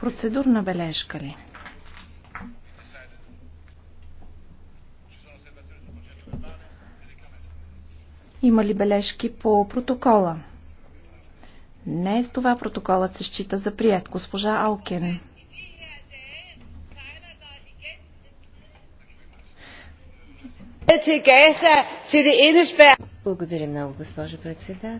Процедурна бележка ли? Има ли бележки по протокола? Не, с това протоколът се счита за прият. Госпожа Алкен. Благодаря много, госпожа председател.